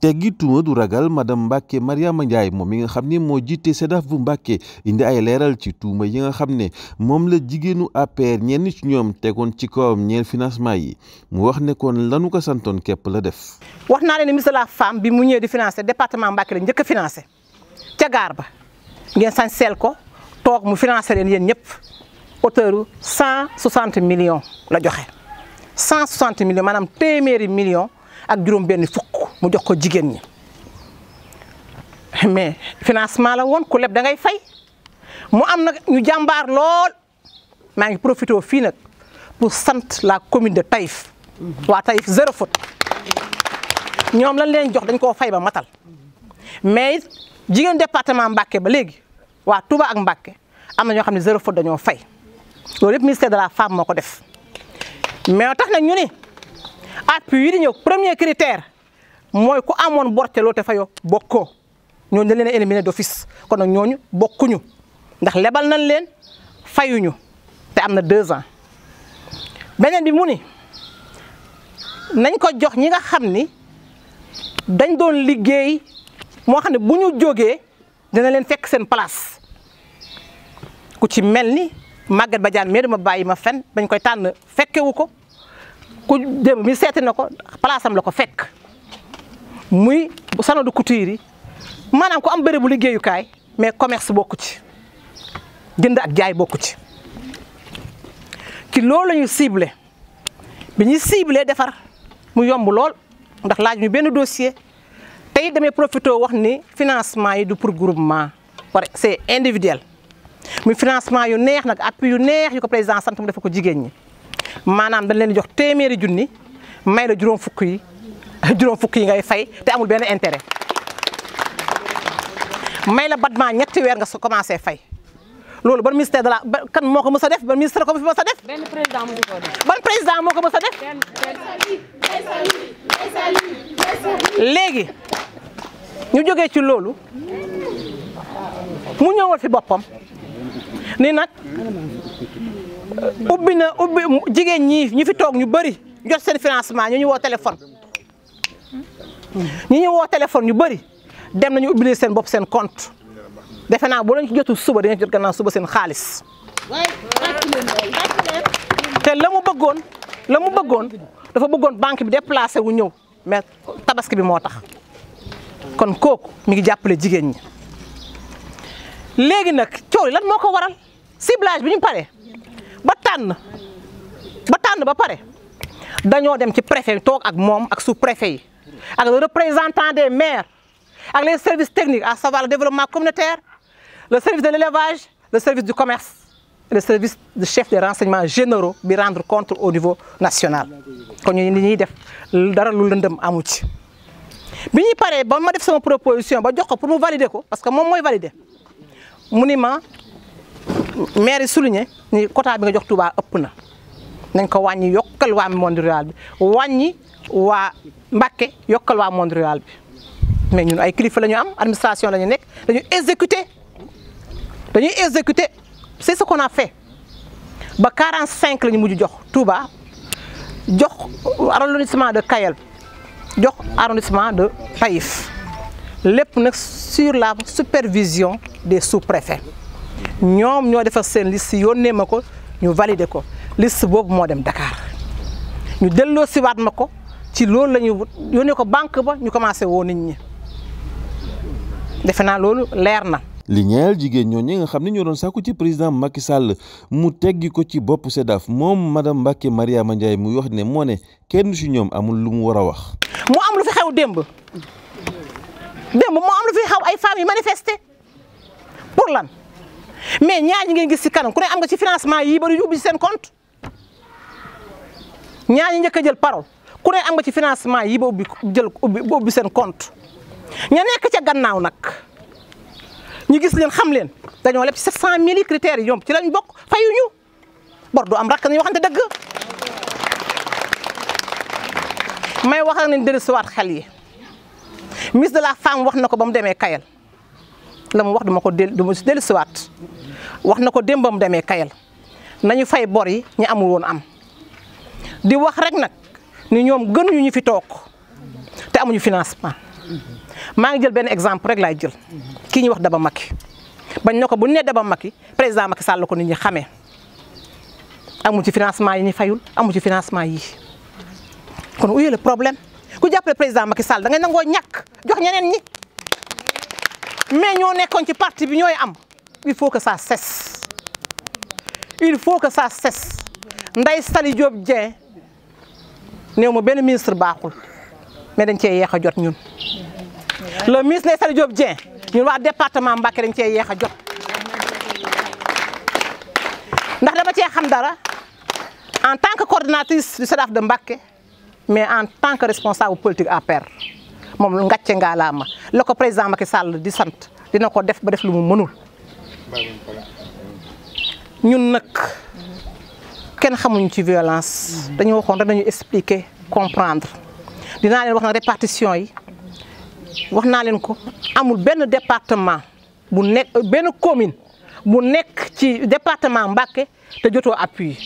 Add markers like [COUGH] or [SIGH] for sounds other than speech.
teggi tuuma du ragal madame Mbacke Mariama Ndiaye moom mi nga xam ne moo jiite SEDAF bu Mbacke indi ay leeral ci tuuma yi nga xam ne moom la jigéenu APR ñenn ci ñoom tegoon ci kawam ñeel financement yi mu wax ne kon lanu ko santoon képp la def. wax naa leen ne ministre la femme bi mu ñëwee di financé département Mbacke la njëkk a financé ba ngeen sañ seel ko toog mu financé leen yéen ñëpp auteur 160 million la joxe 160 millions maanaam téeméeri millions mu ko mais financement la woon ku leb da ngay fay mu am nag ñu jàmbaar lool maa pour sant la commune de Taïf waa Taïf zéro faute ñoom lañ leen jox dañ koo fay ba matal mais jigéen département Mbacké ba léegi waa Touba ak Mbacké am ministère de la femme moo def mais tax na ñu ni appui yi premier critère mooy ku amoon borteloo te fayoo bokkoo ñooñu dañ leen a éliminé d'office kon nag ñooñu bokkuñu ndax lebal nañ leen fayuñu te am na deux ans beneen bi mu ni nañ ko jox ñi nga xam ni dañ doon liggéey moo xam ne bu ñu jógee dina leen fekk seen place ku ci mel ni Maguette Badiane mais dama bàyyi ma fen dañ koy tànn fekkewu ko ku dem mi seeti na ko place la ko fekk. muy salon de couture yi maanaam ko am bërëbu liggéeyukaay mais commerce bokku ci jënd ak jaay bokku ci ki loolu la ñu ciblé bi ñuy ciblé defar mu yomb lool ndax laaj ñu benn dossier tey damay profité wax ni financement yi du pour groupement war c'est individuel muy financement yu neex nag appui yu neex yu ko président sant mu def ko jigéen ñi maanaam dañ leen jox téeméeri junni may la juróom fukk yi [LAUGHS] juróom fukki yi ngay fay te amul benn intérêt may la battement ñetti weer nga sa commencé fay loolu ban ministère de la kan moo ko mës a def ban ministère ko fi mës a def. benn président moo ko def. ban a def. léegi ñu jógee ci loolu mu ñëwal fi boppam ni nag ubbi na ubbi jigéen ñi ñi fi toog ñu bëri jot seen financement ñu ñu woo téléphone. ñi ñu woo téléphone yu bëri dem nañu ubbi seen bopp seen compte defe naa boo leen ci jotul suba dinañ jot gannaaw suba seen xaalis. te la mu bëggoon la mu bëggoon dafa bëggoon banque bi déplacé wu ñëw mais tabaski bi moo tax kon kooku mi ngi jàppale jigéen ñi. léegi nag coow lan moo ko waral ciblage bi ñu pare ba tànn ba tànn ba pare dañoo dem ci préfet toog ak moom ak sous préfet yi. avec le représentant des maires avec les services techniques à savoir le développement communautaire le service de l'élevage le service du commerce et le service de chef des renseignements généraux pour rendre compte au niveau national kon ñu je ñuy def dara lu proposition je jox ko pour valider parce que moi, je valider mu maire est souligné le quota bi nga jox Touba ëpp na nañ ko wàññi yokkal waa monde rural bi wàññi waa Mbacké yokkal waa monde rural bi mais ñun ay kilifa la ñu am administration la ñu nekk dañu exécuter dañuy exécuter c'est ce qu'on a fait ba 45 la ñu mujj jox Touba jox arrondissement de Kayel jox arrondissement de Taïf lépp nag sur la supervision des sous-préfets ñoom ñoo defar seen liste yónnee ma ko ñu valider ko. liste boobu moo dem Dakar ñu delloo siwaat ma ko ci loolu lañuy ñu yónnee ko banque ba ñu commencé woo nit ñi defe naa loolu leer na. li ñeel jigéen ñoo ñooñu nga xam ne ñoo doon sàkku ci président Macky sàll mu teggi ko ci bopp SEDAF moom madame Mbacke Mariama Ndiaye mu wax ne moo ne kenn si ñoom amul lu mu war a wax. mu am lu fi xew démb démb moo am lu fi xew ay femmes yu manifesté pour lan mais ñaar ñi ngeen gis si kanam ku ne am nga ci financement yi ba du yóbbu ñaar ñi njëkk a jël parole ku ne am nga ci financement yi ba ubbi jël ubbi ba ubbi seen compte ña nekk ca gannaaw nag ñu gis leen xam leen dañoo leb ci 700000 yi critères yi ñoom ci lañ bokk fayuñu bor du am rakk nañu waxante dëgg may wax ak nañ dellusiwaat xel yi ministre de la femme wax na ko ba mu demee Kayel la mu wax duma ko del duma si dellusiwaat wax na ko démb ba mu demee Kayel nañu fay bor yi ñu amul woon am di wax rek nag ni ñoom gënuñu ñu fi toog te amuñu financement maa ngi jël benn exemple rek laay jël kii ñuy wax Daba Macky bañ na ko bu ñu nee Daba Macky président Macky Sall ko nit ñi xamee amu ci financement yi ñu fayul amu ci financement yi kon uyu le problème ku jàppale président Macky Sall da ngay nangoo ñàkk jox ñeneen ñi mais ñoo nekkoon ci parti bi ñooy am il faut que sa cesse il faut que ça cesse Ndeye Saly Diop Dieng néew ma benn ministre baaxul mais dañ cee yeex a jot ñun le ministre Ndèye Saly Diop Dieng ñun waa département Mbacké dañ cee yeex a jot ndax dama cee xam dara en tant que coordinatrice du SEDAF de Mbacké mais en tant que responsable politique APR moom ngàcce ngaa laa ma la ko président Macky Sall di sant dina ko def ba def lu mu mënul ñun nag kenn xamuñu ci violence dañu waxoon rek dañu expliquer comprendre dinaa leen wax na répartition yi wax naa leen ko amul benn département bu nekk benn commune bu nekk ci département Mbacké te jotoo appui